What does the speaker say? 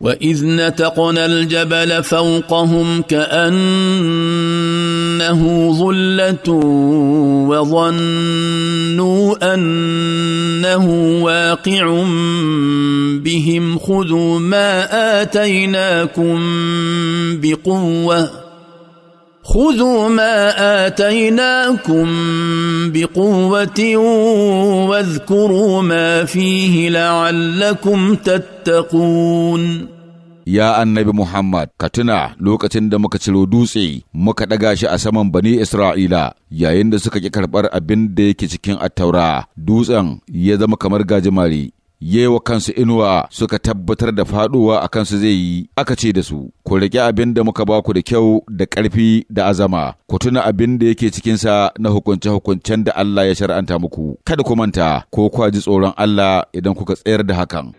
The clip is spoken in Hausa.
واذ نتقنا الجبل فوقهم كانه ظله وظنوا انه واقع بهم خذوا ما اتيناكم بقوه خذوا ما اتيناكم بقوه واذكروا ما فيه لعلكم تتقون ya annabi Muhammad, ka tuna lokacin da muka ciro dutse muka ɗaga shi a saman bani Isra'ila yayin da suka ƙi karɓar abin da yake cikin attaura, dutsen ya zama kamar gajimare. yewa kansu inuwa suka tabbatar da faduwa a kansu zai yi aka ce da su ku riƙe abin da muka baku da kyau da ƙarfi da azama ku tuna abin da yake cikinsa na hukunce-hukuncen da Allah ya shar'anta muku kada ku manta ko kwa ji tsoron Allah idan kuka tsayar da hakan